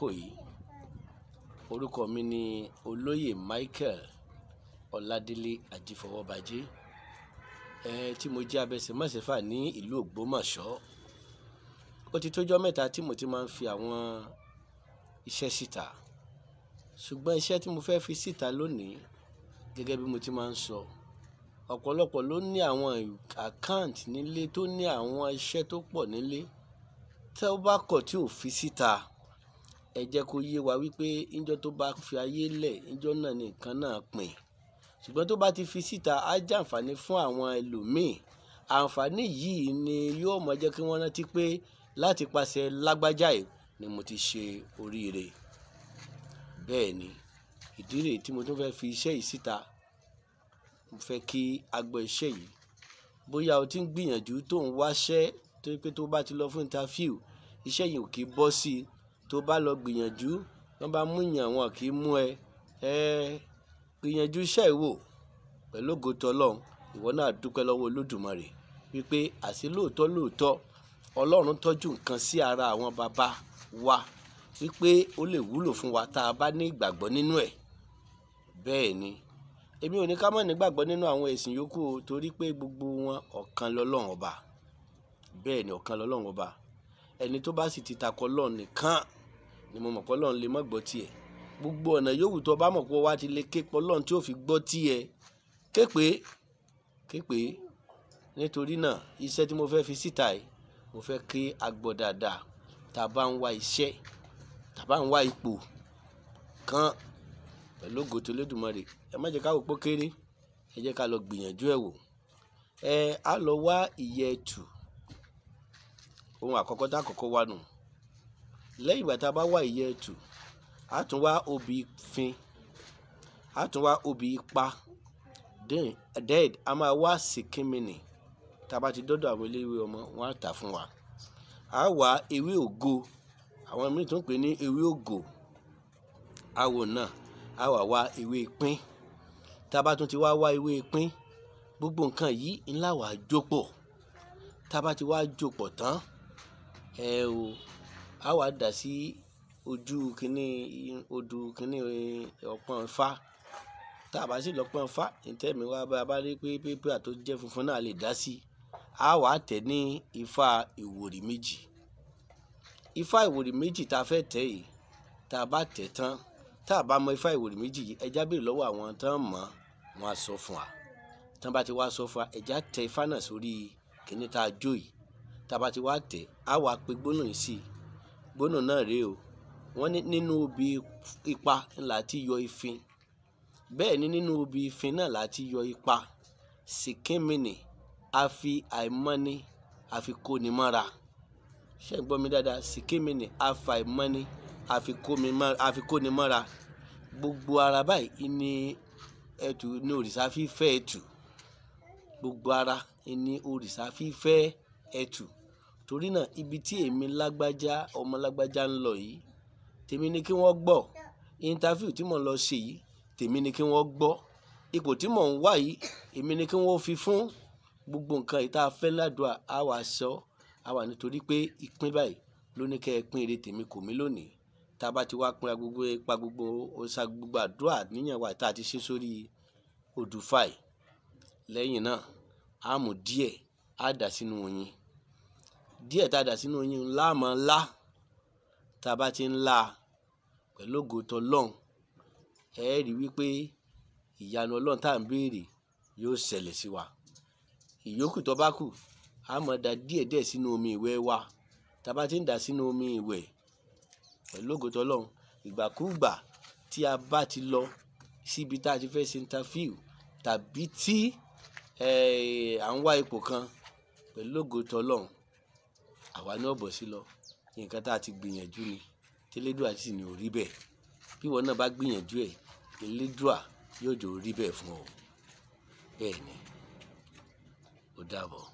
Kò yìí, orúkọ mi ni Olóyè Michael Ọládélé Ajífọwọ́bajé, eh tí mo jẹ́ abẹsẹ̀másẹ̀fà ní ìlú Ògbómọ̀ṣọ́. Ó ti tójọ́ mẹ́ta tí mo ti máa ń fi àwọn iṣẹ́ síta, ṣùgbọ́n iṣẹ́ tí mo fẹ́ fi síta lónìí gẹ́gẹ́ bí mo ti máa ń sọ, ọ̀pọ̀lọpọ̀ ló ní àwọn account nílé tó ní àwọn iṣẹ́ tó pọ̀ nílé, tí ó bá kọ̀ tí ò fi síta ẹ jẹ́ kó yé wa wípé níjọ́ tó bá fi ayé lẹ̀ níjọ́ náà ni nǹkan náà pin ṣùgbọ́n tó bá ti fi síta á jẹ́ àǹfààní fún àwọn ẹlòmíì àǹfààní yìí ni yóò mọ jẹ́ kí wọ́n rántí pé láti pàṣẹ lágbájá yìí ni mo ti ṣe oríire bẹ́ẹ̀ ni ìdí rèé tí mo tún fẹ́ fi iṣẹ́ yìí síta mo fẹ́ kí a gbọ́ iṣẹ́ yìí bóyá o ti ń gbìyànjú tó ń wáṣẹ́ tó pé tó bá ti lọ fún interview iṣẹ́ yìí ò kì í bọ́ sí i tó bá lọ gbìyànjú wọ́n bá mú yàn wọn kì í mú ẹ ẹ gbìyànjú iṣẹ́ ìwò pẹ̀lú ògo tọlọ́run ìwọ náà dúpẹ́ lọ́wọ́ olódùmarè wípé àṣé lóòótọ́ lóòótọ́ ọlọ́run tọ́jú nǹkan sí ara àwọn bàbá wa wípé ó lè wúlò fún wa tá a bá ní ìgbàgbọ́ nínú ẹ̀ bẹ́ẹ̀ ni èmi ò ní ká má nígbàgbọ́ nínú àwọn ẹ̀sìn yòókù o torí pé gbogbo wọn ọ̀kan lọ́lọ́run ọba bẹ́ẹ̀ ni ọ̀kan lọ́lọ́run ọba ẹni tó bá sì ti takọ lọ́ọ̀ nìkan ni mo mọ̀ pé ọlọ́run lè mọ́ gbọ́ tiẹ̀ gbogbo ọ̀nà yòówù tó bá mọ̀ pé wá ti lè ké pé ọlọ́run tí ò fi gbọ́ tiẹ̀ ké pé ké pé nítorí náà iṣẹ́ tí mo fẹ́ fi síta yìí mo fẹ́ ké agbọ̀ dáadáa tá a bá ń wá iṣẹ́ tá a bá ń wá ipò kan pẹ̀lú ògòtò lódùmarè ẹ má jẹ́ ká wò pé kéré ẹ jẹ́ ká lọ gbìyànjú ẹ̀ wò ẹ á lọ wá ìyẹ̀tù ohun àkọ́kọ́ tá àkọ́kọ́ wá nù lẹ́yìn ìgbà tá a bá wà ìyẹ́ ẹ̀tù a tún wá obì fin a tún wá obì pa dead a máa wá sìkímìnì tá a bá ti dọ́dọ̀ àwọn eléwé ọmọ wọn á tà fún wa a wá ewé ògo àwọn míì tún pè ní ewé ògo awò náà a wá wá ewé pín tá a bá tún ti wá wá ewé pín gbogbo nǹkan yìí ńlá wàá jópọ̀ tá a bá ti wá jópọ̀ tán ẹ o a wá dà sí ojú kínní odù kínní eh, ọpọ́n Ifá tá a bá sì lọ́pọ́n Ifá ìtẹ́mi wá bá a bá rí pé pépé àtó jẹ́ funfun náà lè dá sí a wá tẹ̀ ní Ifá ìwòrì méjì Ifá ìwòrì méjì tá a fẹ́ tẹ̀ yìí tá a bá tẹ̀ tán tá a bá mọ Ifá ìwòrì méjì yìí ẹja béèrè lọ́wọ́ àwọn tán mọ̀ wọn a sọ fún wa tán bá ti wá sọ fún wa ẹja tẹ Ifá náà sórí kínní tá a jó yìí tá a bá ti wá tẹ̀ á wá pe gbóná yìí sí i gbóná náà rèé o wọ́n ní nínú obì ipa láti yọ ìfin bẹ́ẹ̀ ni nínú obì ìfin náà láti yọ ipa sìkímìnì àfi àìmọ́ni àfi kóni mọ́ra ṣé ń gbọ́ mi dáadáa sìkímìnì àfi àìmọ́ni àfi kóni mọ́ra gbogbo ara báyìí ní ẹtù ní òrìṣà fífẹ́ ẹtù gbogbo ara ní òrìṣà fífẹ́ ẹtù torí náà ibi tí èmi lágbájá ọmọ lágbájá ń lọ yìí tèmi ni kí wọ́n gbọ́ interview tí mò ń lọ ṣe yìí tèmi ni kí wọ́n gbọ́ ipò tí mò ń wà yìí èmi ni kí wọ́n fi fún gbogbo nǹkan ìta fẹ́ ládùá á sọ á nítorí pé ìpín báyìí ló ní kẹ́ ẹ pín eré tèmi kò mí lónìí tá a bá ti wá pín agbègbè pa gbogbo ọ̀sà gbogbo àdúrà níyàn wa tá a ti ṣe sórí odùfàì lẹ́yìn náà á díẹ̀ á dà sínú oyin díẹ̀ tá a dà sínú oyin ńlá mọ́ ńlá tá a bá ti ń la pẹ̀lú ògo tọlọ́run ẹ rí wípé ìyanu ọlọ́run tá à ń béèrè yóò ṣẹlẹ̀ sí wa ìyókù tó bá kù a máa da díẹ̀ díẹ̀ sínú omi ìwẹ̀ wa tá a bá ti ń dà sínú omi ìwẹ̀ pẹ̀lú ògo tọlọ́run ìgbàkúùgbà tí a bá ti lọ síbi tá a ti fẹ́ ṣe interview tàbí tí à ń wá ipò kan pẹ̀lú ògo tọlọ́run àwa náà bọ̀ sí lọ nǹkan tá a ti gbìyànjú ni tẹ́lẹ́dùà sì ni ò rí bẹ́ẹ̀ bí wọn náà bá gbìyànjú ẹ̀ Elédùà yóò jò rí bẹ́ẹ̀ fún ọ bẹ́ẹ̀ ni ó dàbọ̀.